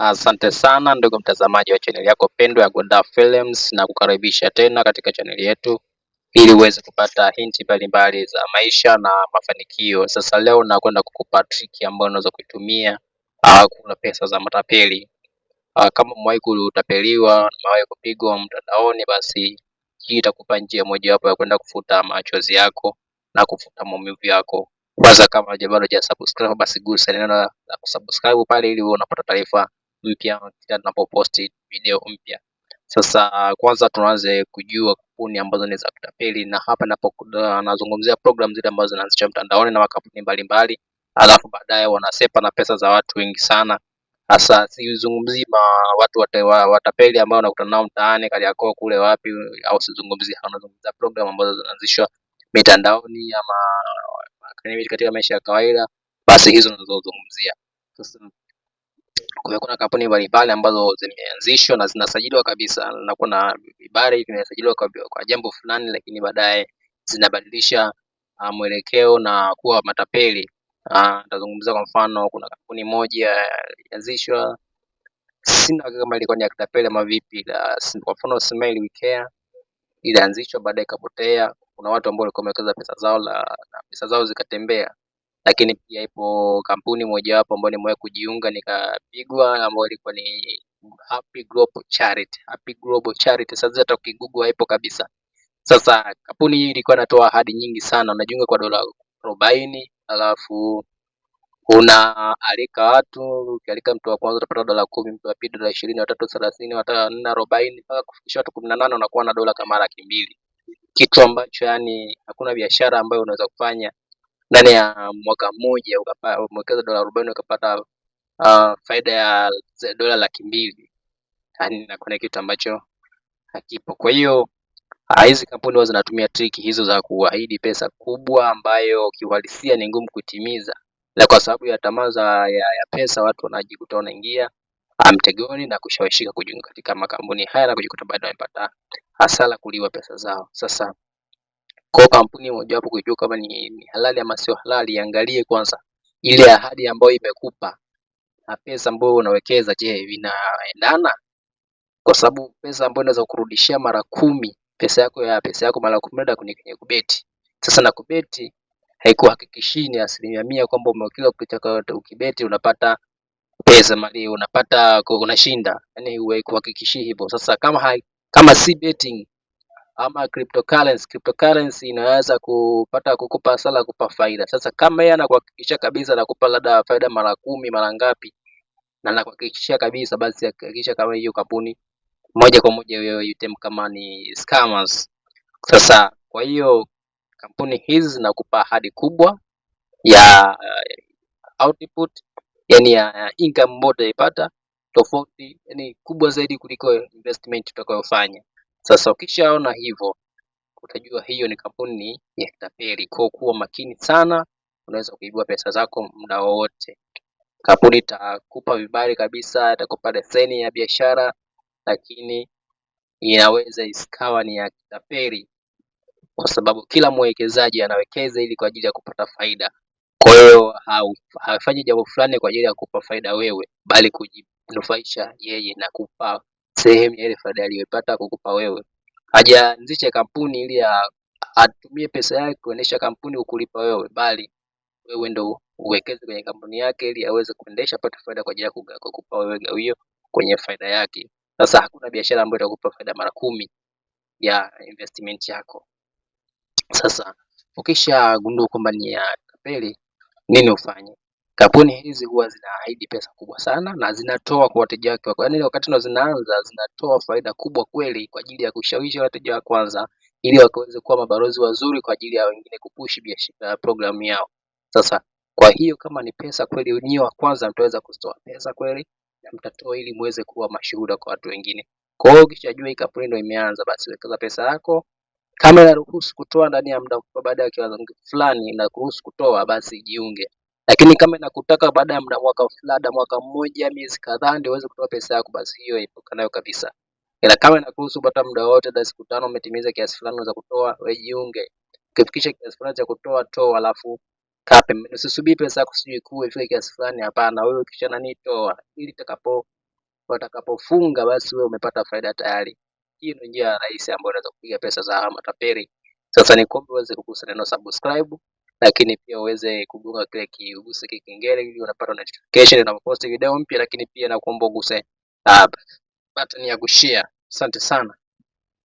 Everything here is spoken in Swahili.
Asante sana ndugu mtazamaji wa chaneli yako pendwa ya Godar Films, na kukaribisha tena katika chaneli yetu ili uweze kupata hinti mbalimbali za maisha na mafanikio. Sasa leo nakwenda kukupa triki ambayo unaweza kuitumia ah, kuna pesa za matapeli. Ah, kama umewahi kutapeliwa, umewahi kupigwa mtandaoni, basi hii itakupa njia mojawapo ya kwenda kufuta machozi yako na kufuta maumivu yako. Kwanza, kama bado hujasubscribe, basi gusa neno la kusubscribe pale, ili uwe unapata taarifa wiki tunapoposti video mpya. Sasa kwanza tunaanze kujua kampuni ambazo ni za kutapeli, na hapa anazungumzia programu zile ambazo zinaanzishwa mtandaoni na makampuni mbalimbali, alafu baadaye wanasepa na pesa za watu wengi sana. Sasa ma watu watapeli ambao unakutana nao mtaani Kariakoo kule wapi, au sizungumzii, nazungumzia program ambazo zinaanzishwa mitandaoni ama katika maisha ya kawaida, basi hizo nazozungumzia sasa Kumekuwa na kampuni mbalimbali ambazo zimeanzishwa na zinasajiliwa kabisa, na kuna vibali vimesajiliwa kwa jambo fulani, lakini baadaye zinabadilisha ah, mwelekeo na kuwa matapeli. Ah, Nitazungumza kwa mfano, kuna kampuni moja ilianzishwa, sina hakika kama ilikuwa ni ya kitapeli ama vipi, kwa mfano Smile We Care ilianzishwa, baadaye ikapotea. Kuna watu ambao walikuwa wamewekeza pesa zao na pesa zao zikatembea. Lakini pia ipo kampuni mojawapo ambayo nimewahi kujiunga nikapigwa, ambayo ilikuwa ni Happy Global Charity. Happy Global Charity sasa hata ukigugu haipo kabisa. Sasa kampuni hii ilikuwa inatoa ahadi nyingi sana, unajiunga kwa dola arobaini alafu unaalika watu. Ukialika mtu wa kwanza utapata dola kumi, mtu wa pili dola ishirini, watatu thelathini, watano nne arobaini, mpaka kufikisha watu kumi na nane unakuwa na dola kama laki mbili, kitu ambacho yani hakuna biashara ambayo unaweza kufanya ndani ya mwaka mmoja umewekeza dola arobaini ukapata uh, faida ya dola laki mbili yani nakuna kitu ambacho hakipo. Kwa hiyo uh, hizi kampuni huwa zinatumia triki hizo za kuahidi pesa kubwa ambayo kiuhalisia ni ngumu kutimiza, na kwa sababu ya tamaa ya, ya pesa watu wanajikuta wanaingia uh, mtegoni na kushawishika kujiunga katika makampuni haya na kujikuta baadaye wamepata hasara kuliwa pesa zao. Sasa kwa kampuni mojawapo kujua kama ni ni halali ama sio halali, iangalie kwanza ile ahadi ambayo imekupa na pesa ambayo unawekeza, je, vinaendana? Kwa sababu pesa ambayo unaweza kurudishia mara kumi pesa yako ya pesa yako mara kumi labda kwenye kubeti. Sasa na kubeti haikuhakikishii ni asilimia mia kwamba umewekeza ukibeti unapata pesa mali unapata unashinda, yaani haikuhakikishii hivyo. Sasa kama hai, kama si betting ama cryptocurrency. Cryptocurrency inaweza kupata kukupa hasara, kukupa faida. Sasa kama yeye anakuhakikishia kabisa anakupa labda faida mara kumi mara ngapi, na anakuhakikishia kabisa, basi hakikisha kama hiyo kampuni moja kwa moja hiyo item kama ni scammers. Sasa kwa hiyo kampuni hizi zinakupa ahadi kubwa ya uh, output, yani ya income ambayo utaipata tofauti, yani kubwa zaidi kuliko investment utakayofanya. Sasa ukishaona hivyo utajua hiyo ni kampuni ya kitapeli. Kwa kuwa makini sana, unaweza kuibua pesa zako muda wowote. Kampuni itakupa vibali kabisa, itakupa leseni ya biashara, lakini inaweza isikawa ni ya kitapeli, kwa sababu kila mwekezaji anawekeza ili kwa ajili ya kupata faida. Kwa hiyo hafanyi jambo fulani kwa ajili ya kupa faida wewe, bali kujinufaisha yeye na kupa sehemu ya ile faida aliyoipata kukupa wewe. Hajaanzisha kampuni ili atumie pesa yake kuendesha kampuni ukulipa wewe, bali wewe ndo uwekeze kwenye kampuni yake ili aweze kuendesha apate faida kwa ajili ya kukupa wewe gawio kwenye faida yake. Sasa hakuna biashara ambayo itakupa faida mara kumi ya investment yako. Sasa ukishagundua kwamba ni ya tapeli, nini ufanye? Kampuni hizi huwa zinaahidi pesa kubwa sana na zinatoa kwa wateja wake wa kwanza, yaani wakati ndo zinaanza zinatoa faida kubwa kweli kwa ajili ya kushawishi wateja wa kwanza ili wakaweze kuwa mabalozi wazuri kwa ajili ya wengine kupushi biashara eh, programu yao. Sasa kwa hiyo kama ni pesa kweli nyie wa kwanza mtaweza kuzitoa pesa kweli na mtatoa ili muweze kuwa mashuhuda kwa watu wengine. Kwa hiyo ukishajua hii kampuni ndo imeanza basi wekeza pesa yako kama inaruhusu kutoa ndani ya muda baada ya kiwango fulani inaruhusu kutoa basi jiunge. Lakini kama inakutaka baada ya muda mwaka fulani, mwaka mmoja miezi kadhaa ndio uweze kutoa pesa yako, basi hiyo ipoka nayo kabisa. Ila kama inakuhusu kupata muda wote, hata siku tano umetimiza kiasi fulani za kutoa, wewe jiunge. Ukifikisha kiasi fulani cha kutoa, toa alafu kaa pembeni. Usisubiri pesa yako sijui kuwe ifike kiasi fulani, hapana. Wewe kisha nani, toa ili takapo watakapofunga basi wewe umepata faida tayari. Hii ndio njia rahisi ambayo unaweza kupiga pesa za matapeli. Sasa ni nikombe uweze kugusa neno subscribe lakini pia uweze kugonga kile kiguse kikengele ili unapata notification unapoposti video mpya, lakini pia nakuomba uguse uh, button ya kushare. Asante sana.